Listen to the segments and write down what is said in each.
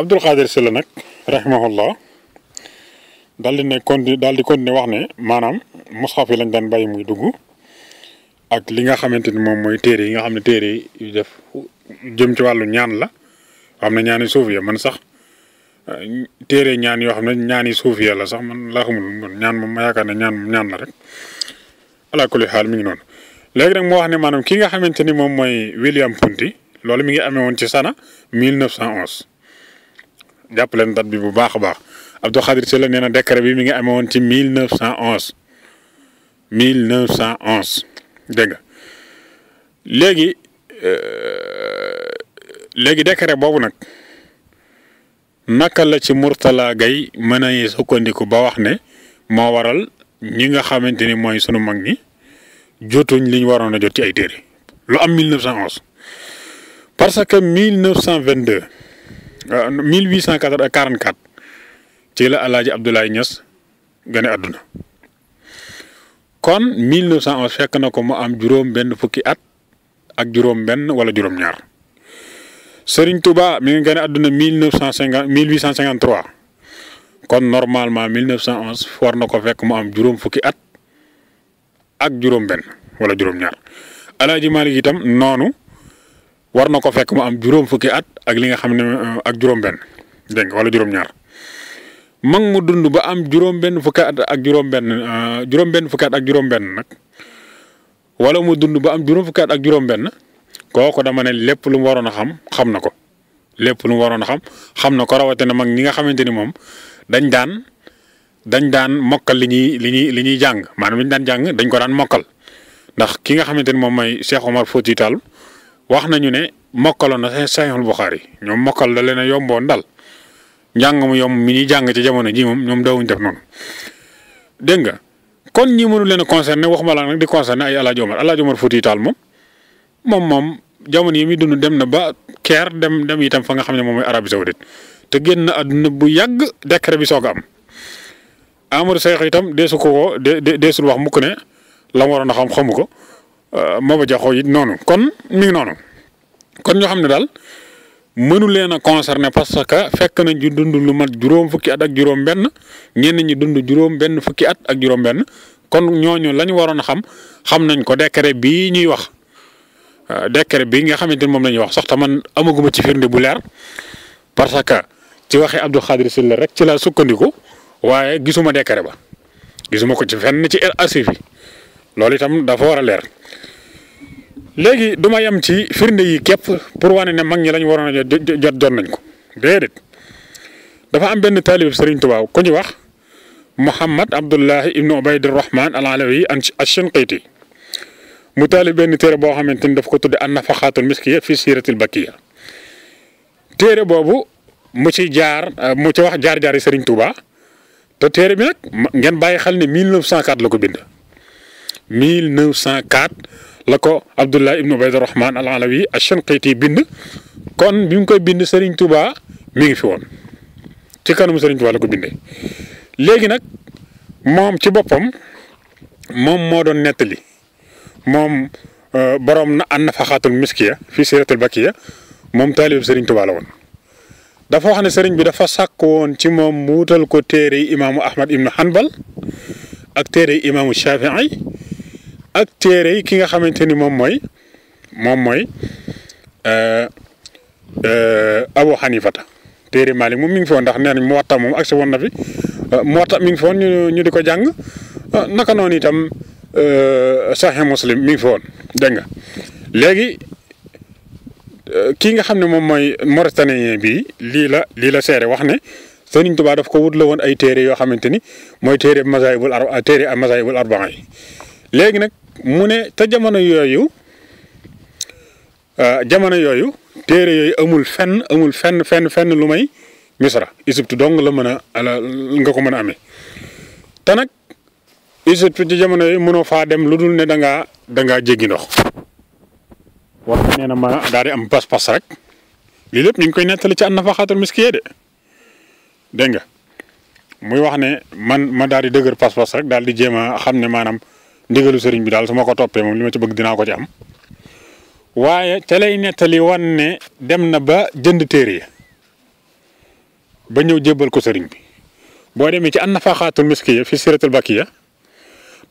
Abdou Khadir Sylla nag rahimahullah daal di ne conti daal di continuer wax ne maanaam musxaf yi lañ daan bàyyi muy dugg ak li nga xamante ni moom mooy téere yi nga xam ne téere yi def jëm ci wàllu ñaan la xam ne ñaani suuf ya man sax téere ñaan yoo xam ne ñaani suuf ya la sax man laa xamul man ñaan moom ma yaakaar ne ñaan moom ñaan la rek ala kulli xaal mi ngi noonu. léegi nag moo wax ne maanaam ki nga xamante ni moom mooy William Ponty loolu mi ngi amee woon ci sana 1911. jàpp leen date bi bu baax a baax Abdou Khadir Sylla nee na décret bi mi ngi amee woon ci mille neuf cent onze mille neuf cent onze dégg nga léegi euh, léegi décret boobu nag naka la ci Mourtala Gaye mën a sukkandiku ba wax ne moo waral ñi nga xamante ni mooy sunu mag ñi jotuñ li ñu waroon a jot ci ay téere lu am 1911 parce que cent vingt 1922 1844 uh, ci la alhaji abdoulaye niass gane aduna kon 1911 fekk na ko mu am juróom benn fukki at ak juróom benn wala juróom ñaar serigne touba mi ngi gane aduna 1950 1853 kon normalement 1911 for na ko fekk mu am juróom fukki at ak juróom benn wala juróom ñaar alhaji malik itam noonu war na ko fekk mu am juróom fukki at ak li nga xam ne ak juróom-benn dégg wala juróom-ñaar mag mu dund ba am juróom-benn fukki at ak juróom-benn euh, juróom-benn fukki at ak juróom-benn nag wala mu dund ba am juróom fukki at ak juróom-benn kooku dama ne lépp lu mu waroon a xam xam na ko lépp lu mu waroon a xam xam na ko rawatina mag ni nga xamante ni moom dañ daan dañ daan mokkal li ñuy li ñuy li ñuy jàng maanaam dañ ko daan mokkal ndax ki nga xamante ni moom mooy Cheikh Omar Fouti wax nañu ne mokkaloon na Sahihul Bukhari ñoom mokkal da leen a yomboon dal njàng mu yomb mi ñu jàng ci jamono ji moom ñoom dawuñu def noonu dégg nga kon ñi mënu leen a concerné waxuma laa nag di concerné ay El Hadj Omar El moom moom moom jamono yi muy dund dem na ba Caire dem dem itam fa nga xam ne moom mooy Arabie Saoudite te génn àdduna bu yàgg décret bi soog a am. Amadou Seck itam deesu ko woo de de deesul wax mukk ne la mu waroon a xam xamu ko euh, Maba Jaxu it noonu kon mi ngi noonu. kon ñu xamne dal mënu leena concerner parce que fekk nañ ju dund lu mat juroom fukki at ak juroom ben, ñen ñi dund juroom ben fukki at ak juroom ben kon ñoñu lañ waroon xam xam nañ ko décret bi ñuy wax euh, décret bi nga xamanteni mom moom wax sax ta man amaguma ci firnde bu leer parce que ci waxe Abdou Khadir Sylla rek ci la sukkandiku waye gisuma décret ba gisuma ko ci fenn ci archive yi loolu itam dafa wara leer léegi du ma yem ci firnde yi képp pour wane ne mag ñi lañ waroon a jot jot nañ ko déedéet dafa am benn taalib Serigne Touba ku ñu wax Mouhammad Abdullahi Ibnu Ubaydir Rahman al Alawi Ash-Shinqiti mu taalib benn téere boo xamante ni daf ko tudde an nafaxaatul miskiya fi siiratil bakiya téere boobu mu ci jaar mu ci wax jaar-jaar yi Serigne Touba te téere bi nag ngeen bàyyi xal ne 1904 la ko bind 1904. la ko Abdullah ibnu Ubayd Rahman al Alawi Ashanqiti bind kon bi koy bind Serigne Touba mi ngi fi woon ci kanamu Serigne Touba la ko bindee léegi nag moom ci boppam moom moo doon nettali moom euh, borom na an nafaxaatul miskiya fi siratul bakiya moom taalib Serigne Touba la woon. dafa wax ne Serigne bi dafa sàkk woon ci moom mu ko téere imaamu Ahmad ibnu Hanbal ak téere imaamu Shafii ak téere yi ki nga xamante ni moom mooy moom mooy euh, euh, Abu Hanifata téere Malik moom mi ngi foon ndax nee nañ Muwatta moom agsi woon na fi euh, Muwatta mi ngi foon ñu di ko jàng naka noonu itam Sahih Muslim mi ngi foon dégg nga léegi kii nga xam ne moom mooy Mauritanien bi lii la lii la seere wax ne Sëriñ Tuubaa daf ko wut la woon ay téere yoo xamante ni mooy téere masaayibul ar téere masaayibul arbaa yi léegi nag Mune, ta te jamono yooyu ah, jamono yoyu téere umul amul fenn amul fenn fenn fenn lu may misra Égypte dong la mën ala nga ko mën amé ta nak nag Égypte ci jamono yooyu mënoo fa dem lu ne da nga da nga ndox war ma daari am pas pass rek li lepp ñu ngi koy nettali ci anna fakhatul de Denga, muy wax ne man ma daari di dëgër pas-pas rek dal di jéem a manam ndigalu sëriñ bi daal su ma ko toppee moom li ci bëgg ko ci am waaye ca lay nettali wan dem na ba jënd téere ba ñëw jébbal ko sëriñ bi boo demee ci an nafaxaatul miskiya fi siratul bakiya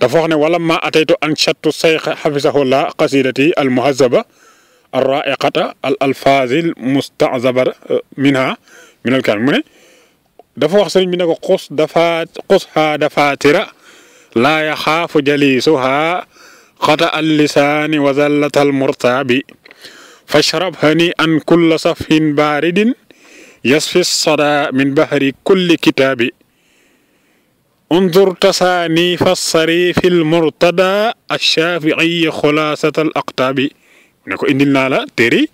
dafa wax ne wala ma ataytu an chattu sayx xafisahullah qasidati al muhazaba al raiqata al alfazil mustazabara min al kan dafa wax sëriñ bi ne ko xus dafa xus ha لا يخاف جليسها خطأ اللسان وزلة المرتاب فاشرب هنيئا كل صفح بارد يصفي الصدى من بحر كل كتاب انظر تساني فالصريف المرتدى الشافعي خلاصة الأقتاب نكو إندلنا لا تيري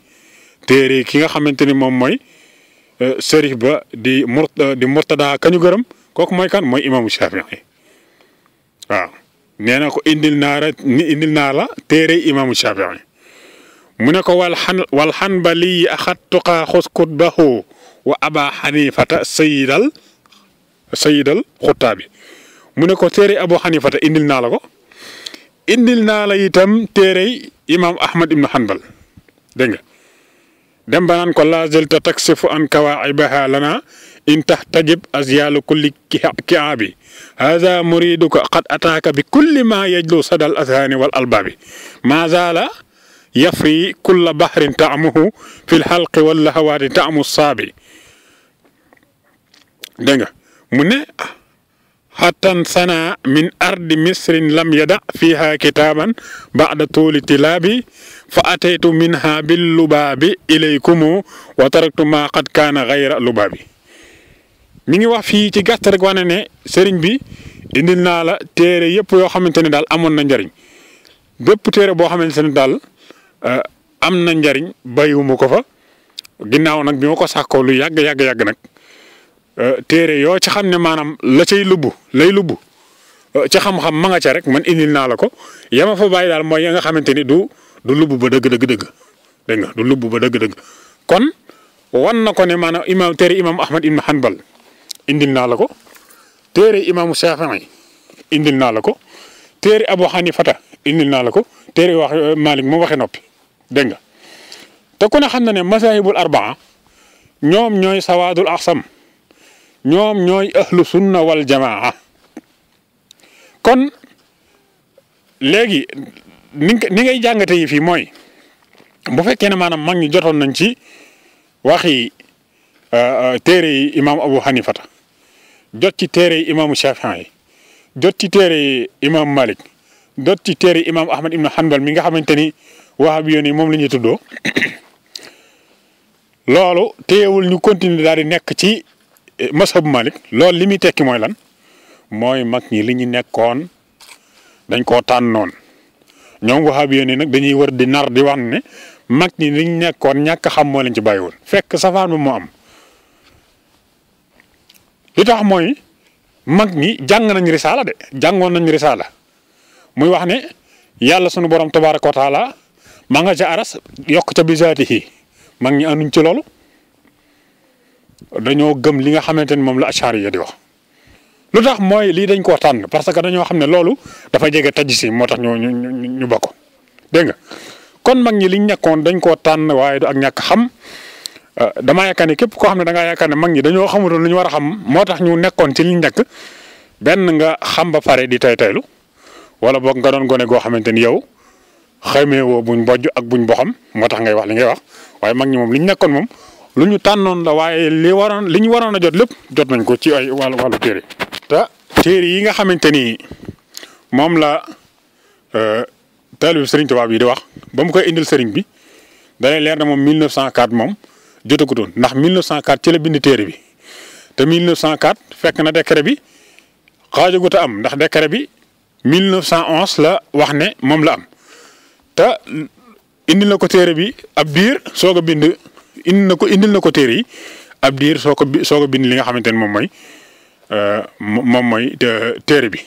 تيري كيغا خامنتيني موم موي آه، سريف با دي آه، مرتدى كان غرم كوك موي كان موي امام الشافعي nee na ko indil naa la indil naa la téere imaamu Shafii mu ne ko wal xan wal xanbali axattuqa xuskubahu wa aba xanifata sayidal sayidal xuttaabi mu ne ko téere abu xanifata indil naa la ko indil naa la itam téere Ahmad ibnu Xanbal dégg nga ko laa zilta taksifu an kawaa'ibaha lana إن تحتجب أزيال كل كعاب هذا مريدك قد أتاك بكل ما يجلو صدى الأذهان والألباب ما زال يفري كل بحر تعمه في الحلق واللهوات تعم الصابي دنجا من حتى سنة من أرض مصر لم يدع فيها كتابا بعد طول تلابي فأتيت منها باللباب إليكم وتركت ما قد كان غير لبابي mi ngi wax fi ci gatt rek wane ne sëriñ bi indil na la téré yépp yo xamante dal amon na njariñ bépp téré bo xamante dal euh am na njariñ bàyyiwuma ko fa ginnaw nak bima ko sakko lu yag yag nak euh téré yo ci manam la cey lubbu lay lubbu eh, ci xam-xam ma nga ca rek man indil na la ko yama fa bay dal moy ya nga xamante du du lubbu ba deug deug deug deug nga du lubbu ba deug deug kon wan na ko ne manam imam téré imam Ahmad ibn Hanbal indil naa la ko téere imaamu Shaafi'i indil naa la ko téere Abu Hanifata indil naa la ko téere wax Malik moom waxee noppi dégg nga te ku xam na ne masaahibul arbaa ñoom ñooy sawaadul axsam ñoom ñooy ahlu sunna wal kon léegi ni ni ngay jàngate yi fii mooy bu fekkee ne maanaam mag ñi jotoon nañ ci waxi euh, euh, téere yi imaam Abu Hanifata jot ci téere yi imaamu Shafii yi jot ci téere yi imaam Malik jot ci téere yi imaam Ahmad ibn Hanbal mi nga xamante ni wahabi yoon yi moom la ñuy tuddoo loolu téyewul ñu continue daal nekk ci eh, mashab Malik loolu li muy tekki mooy lan mooy mag ñi li ñu nekkoon dañ ko koo noon ñoom wahabi yoon yi nag dañuy war di nar di wax ne mag ñi li ñu nekkoon ñàkk xam moo leen ci bàyyiwul fekk safaan ba moo am. li tax moy, mag ni jang nañu risala de jangon nañu risala muy wax ne yalla sunu borom tabaaraku taala ma nga ca aras yok ca bisaatihi mag ni anuñ ci lolu dañoo gëm li nga xamanteni mom moom la achariya di wax lu tax mooy dañ ko tan parce que dañoo xamne lolu dafa jégué tajisi si ñu ñu ñu bokkoon nga kon mag ni liñ nekkoon dañ ko tan waye du ak ñak xam Euh, damaa yaakaar ne képp koo xam ne danga ngaa yaakaar ne mag ñi dañoo xamutoon lu ñu war a xam moo tax ñu nekkoon ci liñ nekk benn nga xam ba pare di tay taylu wala boog nga doon gone goo xamante ni yow xamee woo buñ bojj ak buñ boxam moo tax ngay wax li ngay wax waaye mag ñi moom liñ nekkoon moom lu ñu tànnoon la waaye li waroon li ñu waroon a jot lépp jot nañ ko ci ay wàllu wàllu téere te téere yi nga xamante ni moom la euh, taalibu Serigne Touba bi di wax ba mu koy indil Serigne bi da lay leer na moom 1904 moom. jotagutoon ndax 1904 ci la bind téere bi te 1904 fekk na décret bi xaajagut a am ndax décret bi cent 1911 la wax ne moom la am te indi na ko téere bi ab diir soog a bind indi na ko indil na ko téere yi ab diir soo bind li nga xamante ne moom mooy euh, moom mooy téere bi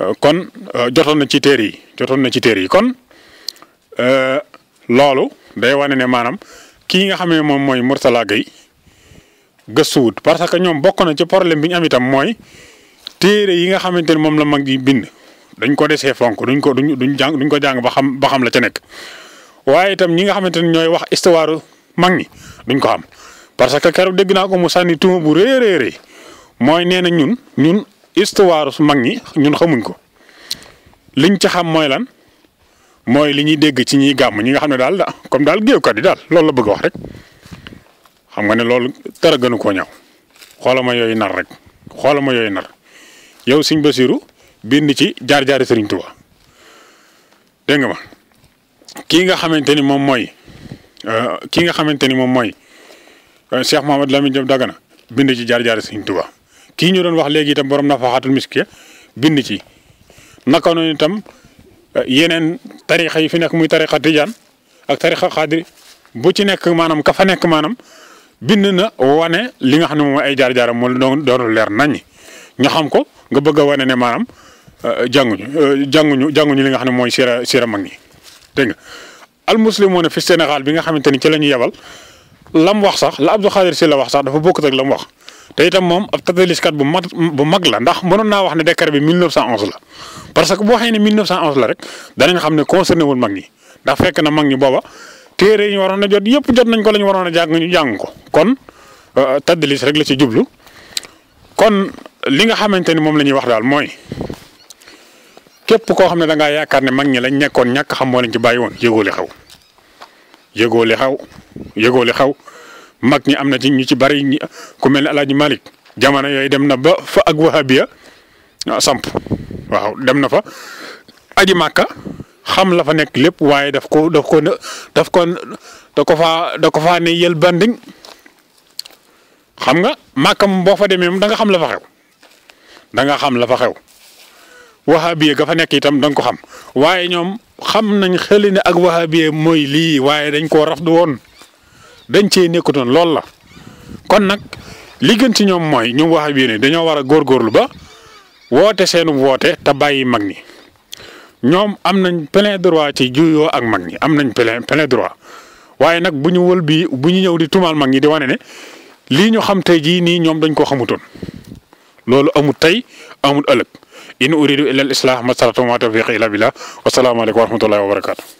euh, kon euh, jotoon na ci téere yi jotoon na ci téere yi kon loolu day wane ne maanaam. kii nga xamee moom mooy Mourtala Gueye gëstuwut parce que ñoom bokk na ci problème bi ñu am itam mooy téere yi nga xamante ne moom la mag yi bind dañ ko desee fonk duñ ko duñ duñ jàng duñ ko jàng ba xam ba xam la ca nekk. waaye itam ñi nga xamante ne ñooy wax histoire mag ñi duñ ko xam parce que keroog dégg naa ko mu sànni tuuma bu réeréeré mooy nee na ñun ñun histoire su mag ñi ñun xamuñ ko liñ ci xam mooy lan. moy li ñuy dégg ci ñi gam ñi nga xam dal daal da comme daal géewkat yi daal loolu la bëgg wax rek xam nga ne loolu tara gënu ko ñaw xolama yoy nar rek xolama yoy nar yow siñ basiru bind ci jaar jaar sëriñ tuba dégg nga ma ki nga xamanteni mom moy euh ki nga xamanteni mom moy euh, cheikh mohammed lamine dagana bind ci jaar jaar sëriñ tuba ki ñu doon wax légui tam borom miskiya bind ci nakono ñu tam yeneen tarixa yi fi nekk muy tarixa tijaan ak tarixa xaadir bu ci nekk maanaam kafa nekk maanaam bind na wane li nga xam ne moom ay jaar-jaaram moom doon doonul leer naññi ñu xam ko nga bëgg wane ne maanaam euh, jànguñu euh, jànguñu jànguñu li nga xam ne mooy siira siira mag ñi dégg nga al muslimoon fi Sénégal bi nga xamante ni ci la ñu yebal lam wax sax la Abdou Khadir si la wax sax dafa bokkut ak lam wax. te itam moom ab kat bu mag bu mag la ndax mënoon na wax ne décret bi 1911 la parce que bu waxé ne 1911 la rek da nga xamné concerné wul mag ni ndax fekk na mag ni boba téré ñu waroon a jot yépp jot nañ ko la ñu waroon ñu jang ko kon euh, tadalis rek la ci djublu kon li nga xamanteni mom lañuy wax dal moy képp ko xamné da nga yaakar ne mag ni lañ nekkon ñak xam mo lañ ci bàyyi woon li xaw yégo li xaw yégo li xaw mag ñi am na ci ñu ci bari ñi ku mel ne El Hadj Malick jamono yooyu dem na ba fa ak wahabiya ah, samp waaw dem na fa aji màkka xam la fa nekk lépp waaye daf ko daf ko daf ko da ko faa da ko faa ne yël xam nga màkka moom boo fa demee moom da xam la fa xew da nga xam la fa xew wahabiya ga fa nekk itam dan ko xam waaye ñoom xam nañ xëli ne ak wahabiya moy lii waaye dañ koo rafetlu woon dañ cee nekkutoon loolu la kon nag li gën ci ñoom mooy ñu wax ak yéen dañoo war a góorgóorlu ba woote seenu woote te bàyyi mag ñi ñoom am nañ plein droit ci juyoo ak mag ñi am nañ plein plein droit waaye nag bu ñu wël bii bu ñu ñëw di tumaal mag ñi di wane ne lii ñu xam tey jii nii ñoom dañ ko xamutoon loolu amul tey amul ëllëg in uridu illa al islah ma saratu ma tawfiqi illa billah wa salaamu alaykum wa rahmatullahi wa barakatuh